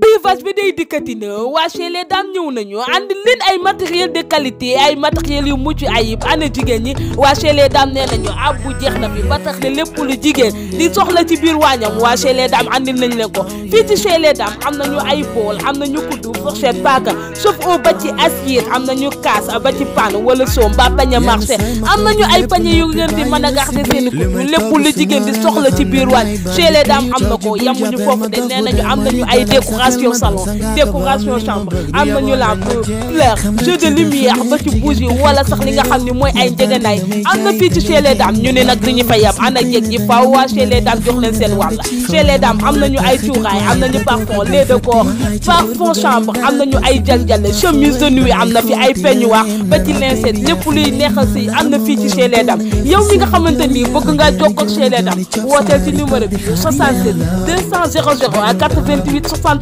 bivage bi day dikkati na waa Chez daam ñëw nañu ànd leen ay matériel de qualité ay matériel yu mucc ayib ana jigéen ñi waa Chez daam nee nañu ab bu jeex na fi ba tax ne lépp lu jigéen di soxla ci biir waañam waa Chez daam andil nañ leen ko fii ci Chez daam am nañu ay bool am nañu kuddu fourchette paaka sauf au ba ci assiette am nañu kaas ba ci pan wala soom ba pañe marché am nañu ay pañe yu ngeen di mën a garder seen kuddu lépp lu jigéen di soxla ci biir waañ Chez daam am na ko yamuñu foofu de nee nañu am nañu ay décoration décoration salon décoration chambre am nañu la fleur jeu de lumière ba ci bougie wala sax li nga xam ne mooy ay njëganaay am chez les dames nous n'avons nag li ñu fa yab ana jeeg chez les dames jox leen seen chez les dames am nañu ay cuuraay am nañu parfum les de corps parfum chambre am nous ay chemise de nuit am na fi ay peignoir ba les linset lépp luy neexal chez les dames yon mi nga xamante ni bëgg nga jokkoo ak chez les dames wooteel ci numéro bi 77 200 00 88 60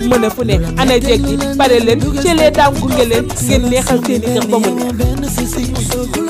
mën a fu ne ana jeeg ji pare leen ci lee daam gunge leen ngeen neexal seeni kër ba mu